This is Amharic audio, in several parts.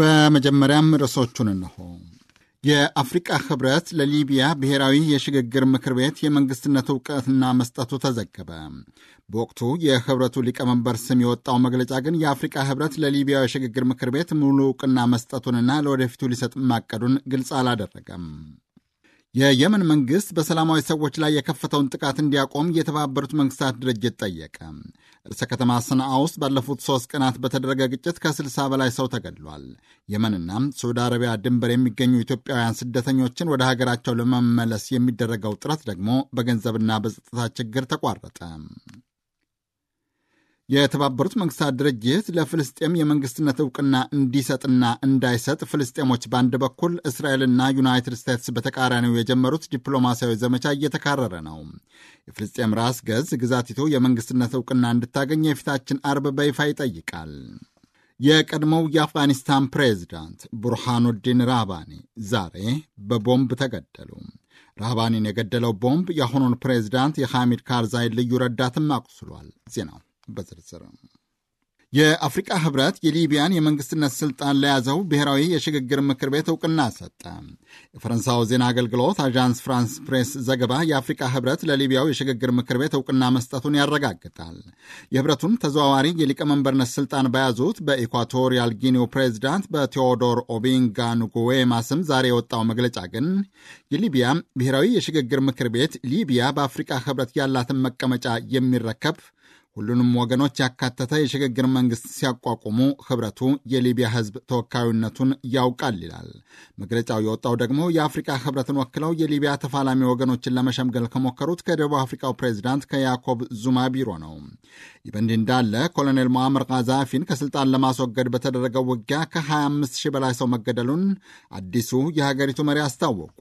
በመጀመሪያም ርዕሶቹን እንሆ። የአፍሪቃ ህብረት ለሊቢያ ብሔራዊ የሽግግር ምክር ቤት የመንግስትነት እውቅና መስጠቱ ተዘገበ። በወቅቱ የህብረቱ ሊቀመንበር ስም የወጣው መግለጫ ግን የአፍሪቃ ህብረት ለሊቢያ የሽግግር ምክር ቤት ሙሉ እውቅና መስጠቱንና ለወደፊቱ ሊሰጥ ማቀዱን ግልጽ አላደረገም። የየመን መንግስት በሰላማዊ ሰዎች ላይ የከፈተውን ጥቃት እንዲያቆም የተባበሩት መንግስታት ድርጅት ጠየቀ። ርዕሰ ከተማ ሰንዓ ውስጥ ባለፉት ሶስት ቀናት በተደረገ ግጭት ከ60 በላይ ሰው ተገድሏል። የመንና ሳውዲ አረቢያ ድንበር የሚገኙ ኢትዮጵያውያን ስደተኞችን ወደ ሀገራቸው ለመመለስ የሚደረገው ጥረት ደግሞ በገንዘብና በጸጥታ ችግር ተቋረጠ። የተባበሩት መንግስታት ድርጅት ለፍልስጤም የመንግስትነት እውቅና እንዲሰጥና እንዳይሰጥ ፍልስጤሞች በአንድ በኩል እስራኤልና ዩናይትድ ስቴትስ በተቃራኒው የጀመሩት ዲፕሎማሲያዊ ዘመቻ እየተካረረ ነው። የፍልስጤም ራስ ገዝ ግዛቲቱ የመንግስትነት እውቅና እንድታገኝ የፊታችን አርብ በይፋ ይጠይቃል። የቀድሞው የአፍጋኒስታን ፕሬዚዳንት ቡርሃኑዲን ራባኒ ዛሬ በቦምብ ተገደሉ። ራባኒን የገደለው ቦምብ የአሁኑን ፕሬዚዳንት የሐሚድ ካርዛይ ልዩ ረዳትም አቁስሏል። ዜናው በዝርዝር የአፍሪቃ ህብረት የሊቢያን የመንግስትነት ስልጣን ለያዘው ብሔራዊ የሽግግር ምክር ቤት እውቅና ሰጠ። የፈረንሳው ዜና አገልግሎት አዣንስ ፍራንስ ፕሬስ ዘገባ የአፍሪቃ ህብረት ለሊቢያው የሽግግር ምክር ቤት እውቅና መስጠቱን ያረጋግጣል። የህብረቱን ተዘዋዋሪ የሊቀመንበርነት ስልጣን በያዙት በኢኳቶሪያል ጊኒው ፕሬዚዳንት በቴዎዶር ኦቢንጋ ኑጉዌማ ስም ዛሬ የወጣው መግለጫ ግን የሊቢያ ብሔራዊ የሽግግር ምክር ቤት ሊቢያ በአፍሪቃ ህብረት ያላትን መቀመጫ የሚረከብ ሁሉንም ወገኖች ያካተተ የሽግግር መንግስት ሲያቋቁሙ ህብረቱ የሊቢያ ህዝብ ተወካዩነቱን ያውቃል ይላል መግለጫው። የወጣው ደግሞ የአፍሪካ ህብረትን ወክለው የሊቢያ ተፋላሚ ወገኖችን ለመሸምገል ከሞከሩት ከደቡብ አፍሪካው ፕሬዚዳንት ከያኮብ ዙማ ቢሮ ነው። ይህ በእንዲህ እንዳለ ኮሎኔል ሞአመር ቃዛፊን ከስልጣን ለማስወገድ በተደረገው ውጊያ ከ25 ሺህ በላይ ሰው መገደሉን አዲሱ የሀገሪቱ መሪ አስታወቁ።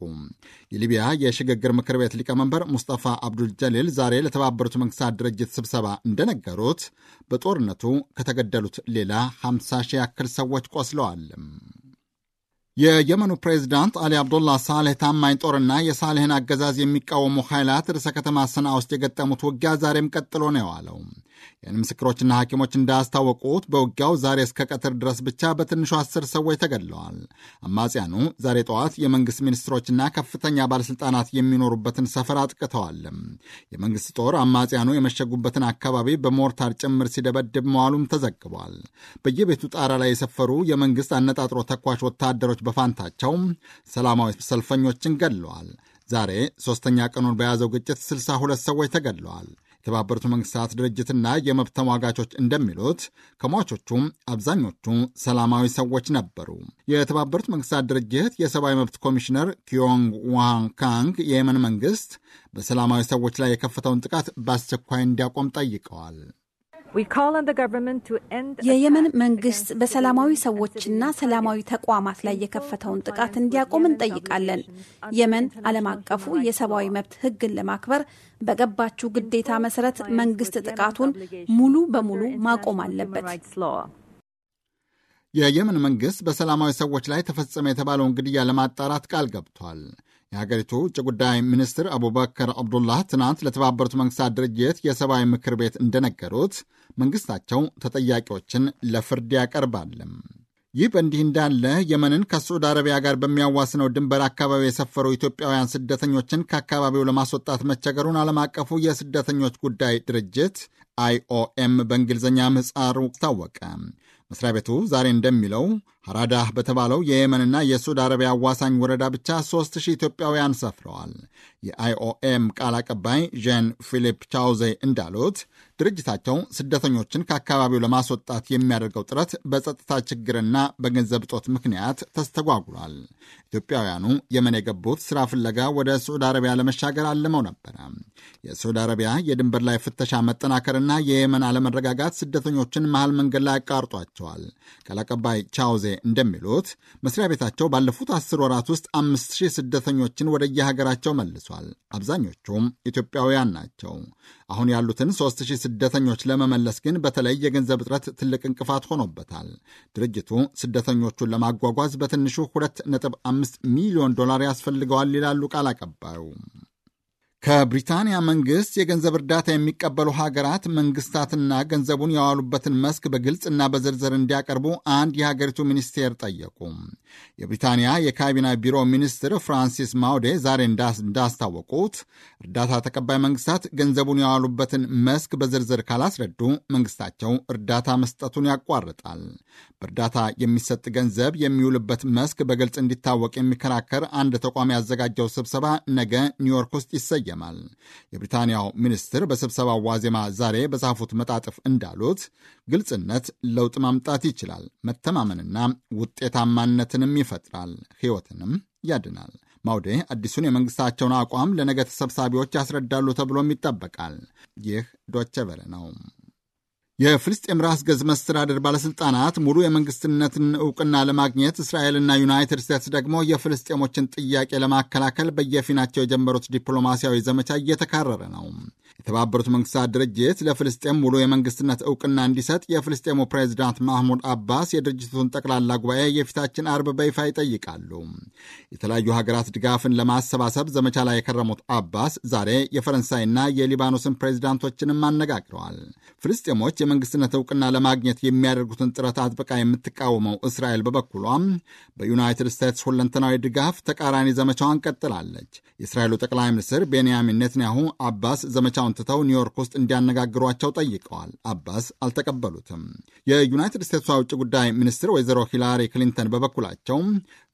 የሊቢያ የሽግግር ምክር ቤት ሊቀመንበር ሙስጠፋ አብዱል ጀሊል ዛሬ ለተባበሩት መንግስታት ድርጅት ስብሰባ እንደነገሩት በጦርነቱ ከተገደሉት ሌላ 50 ሺህ ያክል ሰዎች ቆስለዋል። የየመኑ ፕሬዚዳንት አሊ አብዶላ ሳሌህ ታማኝ ጦርና የሳሌህን አገዛዝ የሚቃወሙ ኃይላት ርዕሰ ከተማ ሰንዓ ውስጥ የገጠሙት ውጊያ ዛሬም ቀጥሎ ነው የዋለው። ይህን ምስክሮችና ሐኪሞች እንዳስታወቁት በውጊያው ዛሬ እስከ ቀትር ድረስ ብቻ በትንሹ አስር ሰዎች ተገድለዋል። አማጽያኑ ዛሬ ጠዋት የመንግሥት ሚኒስትሮችና ከፍተኛ ባለሥልጣናት የሚኖሩበትን ሰፈር አጥቅተዋል። የመንግሥት ጦር አማጽያኑ የመሸጉበትን አካባቢ በሞርታር ጭምር ሲደበድብ መዋሉም ተዘግቧል። በየቤቱ ጣራ ላይ የሰፈሩ የመንግሥት አነጣጥሮ ተኳሽ ወታደሮች በፋንታቸው ሰላማዊ ሰልፈኞችን ገድለዋል። ዛሬ ሦስተኛ ቀኑን በያዘው ግጭት 62 ሰዎች ተገድለዋል። የተባበሩት መንግስታት ድርጅትና የመብት ተሟጋቾች እንደሚሉት ከሟቾቹም አብዛኞቹ ሰላማዊ ሰዎች ነበሩ። የተባበሩት መንግስታት ድርጅት የሰብአዊ መብት ኮሚሽነር ኪዮንግ ዋን ካንግ የየመን መንግስት በሰላማዊ ሰዎች ላይ የከፈተውን ጥቃት በአስቸኳይ እንዲያቆም ጠይቀዋል። የየመን መንግስት በሰላማዊ ሰዎችና ሰላማዊ ተቋማት ላይ የከፈተውን ጥቃት እንዲያቆም እንጠይቃለን። የመን ዓለም አቀፉ የሰብአዊ መብት ሕግን ለማክበር በገባችው ግዴታ መሰረት መንግስት ጥቃቱን ሙሉ በሙሉ ማቆም አለበት። የየመን መንግስት በሰላማዊ ሰዎች ላይ ተፈጸመ የተባለውን ግድያ ለማጣራት ቃል ገብቷል። የሀገሪቱ ውጭ ጉዳይ ሚኒስትር አቡበከር አብዱላህ ትናንት ለተባበሩት መንግስታት ድርጅት የሰብአዊ ምክር ቤት እንደነገሩት መንግስታቸው ተጠያቂዎችን ለፍርድ ያቀርባልም። ይህ በእንዲህ እንዳለ የመንን ከሳዑዲ አረቢያ ጋር በሚያዋስነው ድንበር አካባቢ የሰፈሩ ኢትዮጵያውያን ስደተኞችን ከአካባቢው ለማስወጣት መቸገሩን ዓለም አቀፉ የስደተኞች ጉዳይ ድርጅት አይኦኤም በእንግሊዝኛ ምህጻሩ ታወቀ። መስሪያ ቤቱ ዛሬ እንደሚለው ሐራዳ በተባለው የየመንና የሱድ አረቢያ አዋሳኝ ወረዳ ብቻ 3000 ኢትዮጵያውያን ሰፍረዋል። የአይኦኤም ቃል አቀባይ ዣን ፊሊፕ ቻውዜ እንዳሉት ድርጅታቸው ስደተኞችን ከአካባቢው ለማስወጣት የሚያደርገው ጥረት በጸጥታ ችግርና በገንዘብ እጦት ምክንያት ተስተጓጉሏል። ኢትዮጵያውያኑ የመን የገቡት ስራ ፍለጋ ወደ ሳዑዲ አረቢያ ለመሻገር አልመው ነበረ። የሳዑዲ አረቢያ የድንበር ላይ ፍተሻ መጠናከርና የየመን አለመረጋጋት ስደተኞችን መሃል መንገድ ላይ አቃርጧቸዋል። ቃል አቀባይ ቻውዜ እንደሚሉት መስሪያ ቤታቸው ባለፉት አስር ወራት ውስጥ አምስት ሺህ ስደተኞችን ወደ የሀገራቸው መልሷል። አብዛኞቹም ኢትዮጵያውያን ናቸው። አሁን ያሉትን ሦስት ሺህ ስደተኞች ለመመለስ ግን በተለይ የገንዘብ እጥረት ትልቅ እንቅፋት ሆኖበታል። ድርጅቱ ስደተኞቹን ለማጓጓዝ በትንሹ ሁለት ነጥብ አምስት ሚሊዮን ዶላር ያስፈልገዋል ይላሉ ቃል አቀባዩ። ከብሪታንያ መንግስት የገንዘብ እርዳታ የሚቀበሉ ሀገራት መንግስታትና ገንዘቡን የዋሉበትን መስክ በግልጽና በዝርዝር እንዲያቀርቡ አንድ የሀገሪቱ ሚኒስቴር ጠየቁ። የብሪታንያ የካቢና ቢሮ ሚኒስትር ፍራንሲስ ማውዴ ዛሬ እንዳስታወቁት እርዳታ ተቀባይ መንግስታት ገንዘቡን የዋሉበትን መስክ በዝርዝር ካላስረዱ መንግስታቸው እርዳታ መስጠቱን ያቋርጣል። በእርዳታ የሚሰጥ ገንዘብ የሚውልበት መስክ በግልጽ እንዲታወቅ የሚከራከር አንድ ተቋም ያዘጋጀው ስብሰባ ነገ ኒውዮርክ ውስጥ ይሰያል ይሰየማል። የብሪታንያው ሚኒስትር በስብሰባው ዋዜማ ዛሬ በጻፉት መጣጥፍ እንዳሉት ግልጽነት ለውጥ ማምጣት ይችላል፣ መተማመንና ውጤታማነትንም ይፈጥራል፣ ሕይወትንም ያድናል። ማውዴ አዲሱን የመንግስታቸውን አቋም ለነገ ተሰብሳቢዎች ያስረዳሉ ተብሎም ይጠበቃል። ይህ ዶቸ ቨለ ነው። የፍልስጤም ራስ ገዝ መስተዳደር ባለሥልጣናት ሙሉ የመንግስትነትን እውቅና ለማግኘት እስራኤልና ዩናይትድ ስቴትስ ደግሞ የፍልስጤሞችን ጥያቄ ለማከላከል በየፊናቸው የጀመሩት ዲፕሎማሲያዊ ዘመቻ እየተካረረ ነው። የተባበሩት መንግስታት ድርጅት ለፍልስጤም ሙሉ የመንግስትነት እውቅና እንዲሰጥ የፍልስጤሙ ፕሬዚዳንት ማህሙድ አባስ የድርጅቱን ጠቅላላ ጉባኤ የፊታችን አርብ በይፋ ይጠይቃሉ። የተለያዩ ሀገራት ድጋፍን ለማሰባሰብ ዘመቻ ላይ የከረሙት አባስ ዛሬ የፈረንሳይና የሊባኖስን ፕሬዚዳንቶችንም አነጋግረዋል። ፍልስጤሞች የመንግስትነት እውቅና ለማግኘት የሚያደርጉትን ጥረት አጥብቃ የምትቃወመው እስራኤል በበኩሏም በዩናይትድ ስቴትስ ሁለንተናዊ ድጋፍ ተቃራኒ ዘመቻዋን ቀጥላለች። የእስራኤሉ ጠቅላይ ሚኒስትር ቤንያሚን ኔትንያሁ አባስ ዘመቻውን ትተው ኒውዮርክ ውስጥ እንዲያነጋግሯቸው ጠይቀዋል። አባስ አልተቀበሉትም። የዩናይትድ ስቴትሷ ውጭ ጉዳይ ሚኒስትር ወይዘሮ ሂላሪ ክሊንተን በበኩላቸው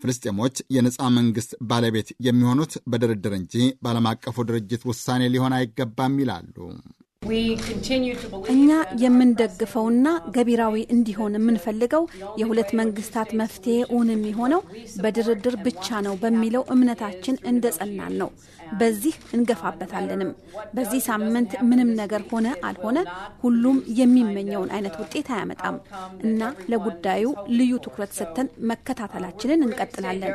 ፍልስጤሞች የነፃ መንግስት ባለቤት የሚሆኑት በድርድር እንጂ በዓለም አቀፉ ድርጅት ውሳኔ ሊሆን አይገባም ይላሉ። እኛ የምንደግፈውና ገቢራዊ እንዲሆን የምንፈልገው የሁለት መንግስታት መፍትሄ እውን የሚሆነው በድርድር ብቻ ነው በሚለው እምነታችን እንደጸናን ነው። በዚህ እንገፋበታለንም። በዚህ ሳምንት ምንም ነገር ሆነ አልሆነ ሁሉም የሚመኘውን አይነት ውጤት አያመጣም እና ለጉዳዩ ልዩ ትኩረት ሰጥተን መከታተላችንን እንቀጥላለን።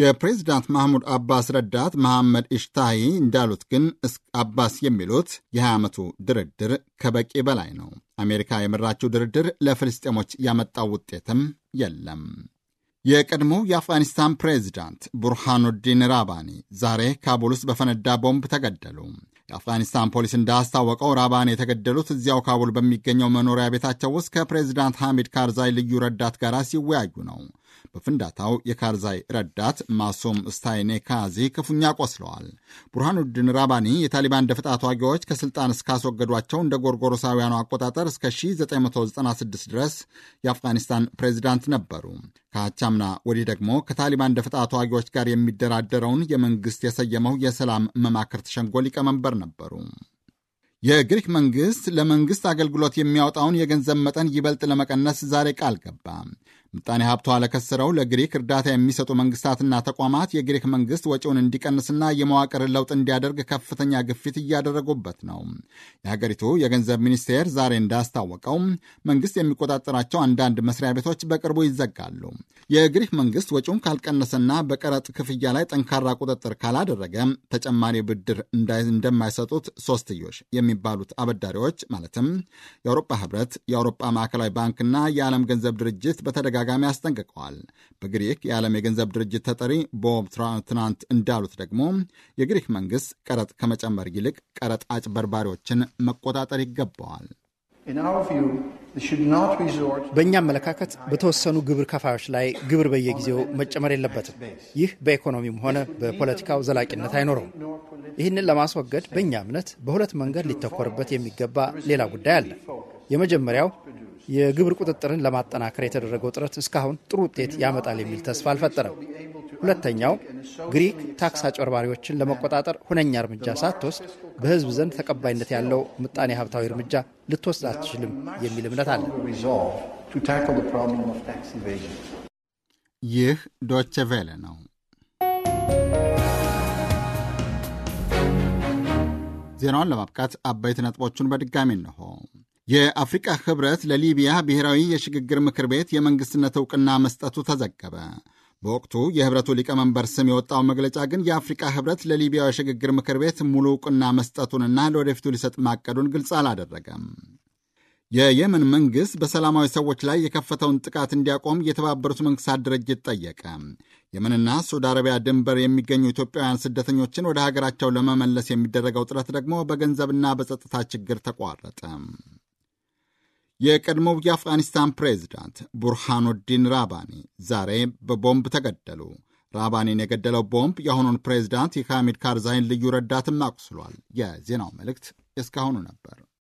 የፕሬዚዳንት ማህሙድ አባስ ረዳት መሐመድ ኢሽታሂ እንዳሉት ግን አባስ የሚሉት የ20 ዓመቱ ድርድር ከበቂ በላይ ነው። አሜሪካ የመራችው ድርድር ለፍልስጤሞች ያመጣው ውጤትም የለም። የቀድሞው የአፍጋኒስታን ፕሬዚዳንት ቡርሃኑዲን ራባኒ ዛሬ ካቡል ውስጥ በፈነዳ ቦምብ ተገደሉ። የአፍጋኒስታን ፖሊስ እንዳስታወቀው ራባኒ የተገደሉት እዚያው ካቡል በሚገኘው መኖሪያ ቤታቸው ውስጥ ከፕሬዚዳንት ሐሚድ ካርዛይ ልዩ ረዳት ጋር ሲወያዩ ነው። በፍንዳታው የካርዛይ ረዳት ማሶም ስታይኔካዚ ክፉኛ ቆስለዋል። ቡርሃኑድን ራባኒ የታሊባን ደፈጣ ተዋጊዎች ከስልጣን እስካስወገዷቸው እንደ ጎርጎሮሳውያኑ አቆጣጠር እስከ 1996 ድረስ የአፍጋኒስታን ፕሬዚዳንት ነበሩ። ከአቻምና ወዲህ ደግሞ ከታሊባን ደፈጣ ተዋጊዎች ጋር የሚደራደረውን የመንግስት የሰየመው የሰላም መማክርት ሸንጎ ሊቀመንበር ነበሩ። የግሪክ መንግስት ለመንግስት አገልግሎት የሚያወጣውን የገንዘብ መጠን ይበልጥ ለመቀነስ ዛሬ ቃል ገባ። ምጣኔ ሀብቷ ለከሰረው ለግሪክ እርዳታ የሚሰጡ መንግስታትና ተቋማት የግሪክ መንግስት ወጪውን እንዲቀንስና የመዋቅር ለውጥ እንዲያደርግ ከፍተኛ ግፊት እያደረጉበት ነው። የሀገሪቱ የገንዘብ ሚኒስቴር ዛሬ እንዳስታወቀው መንግስት የሚቆጣጠራቸው አንዳንድ መስሪያ ቤቶች በቅርቡ ይዘጋሉ። የግሪክ መንግስት ወጪውን ካልቀነሰና በቀረጥ ክፍያ ላይ ጠንካራ ቁጥጥር ካላደረገ ተጨማሪ ብድር እንደማይሰጡት ሶስትዮሽ የሚባሉት አበዳሪዎች ማለትም የአውሮፓ ህብረት፣ የአውሮፓ ማዕከላዊ ባንክና የዓለም ገንዘብ ድርጅት በተደጋ በተደጋጋሚ አስጠንቅቀዋል። በግሪክ የዓለም የገንዘብ ድርጅት ተጠሪ ቦብ ትናንት እንዳሉት ደግሞ የግሪክ መንግሥት ቀረጥ ከመጨመር ይልቅ ቀረጥ አጭበርባሪዎችን መቆጣጠር ይገባዋል። በእኛ አመለካከት በተወሰኑ ግብር ከፋዮች ላይ ግብር በየጊዜው መጨመር የለበትም። ይህ በኢኮኖሚም ሆነ በፖለቲካው ዘላቂነት አይኖረውም። ይህንን ለማስወገድ በእኛ እምነት በሁለት መንገድ ሊተኮርበት የሚገባ ሌላ ጉዳይ አለ። የመጀመሪያው የግብር ቁጥጥርን ለማጠናከር የተደረገው ጥረት እስካሁን ጥሩ ውጤት ያመጣል የሚል ተስፋ አልፈጠረም። ሁለተኛው ግሪክ ታክስ አጭበርባሪዎችን ለመቆጣጠር ሁነኛ እርምጃ ሳትወስድ በሕዝብ ዘንድ ተቀባይነት ያለው ምጣኔ ሀብታዊ እርምጃ ልትወስድ አትችልም የሚል እምነት አለ። ይህ ዶቼ ቬለ ነው። ዜናውን ለማብቃት አበይት ነጥቦቹን በድጋሚ እንሆ የአፍሪቃ ህብረት ለሊቢያ ብሔራዊ የሽግግር ምክር ቤት የመንግስትነት እውቅና መስጠቱ ተዘገበ። በወቅቱ የህብረቱ ሊቀመንበር ስም የወጣው መግለጫ ግን የአፍሪቃ ህብረት ለሊቢያ የሽግግር ምክር ቤት ሙሉ እውቅና መስጠቱንና ለወደፊቱ ሊሰጥ ማቀዱን ግልጽ አላደረገም። የየመን መንግሥት በሰላማዊ ሰዎች ላይ የከፈተውን ጥቃት እንዲያቆም የተባበሩት መንግሥታት ድርጅት ጠየቀ። የመንና ሳዑዲ አረቢያ ድንበር የሚገኙ ኢትዮጵያውያን ስደተኞችን ወደ ሀገራቸው ለመመለስ የሚደረገው ጥረት ደግሞ በገንዘብና በጸጥታ ችግር ተቋረጠ። የቀድሞው የአፍጋኒስታን ፕሬዝዳንት ቡርሃኑዲን ራባኒ ዛሬ በቦምብ ተገደሉ። ራባኒን የገደለው ቦምብ የአሁኑን ፕሬዝዳንት የሐሚድ ካርዛይን ልዩ ረዳትም አቁስሏል። የዜናው መልእክት እስካሁኑ ነበር።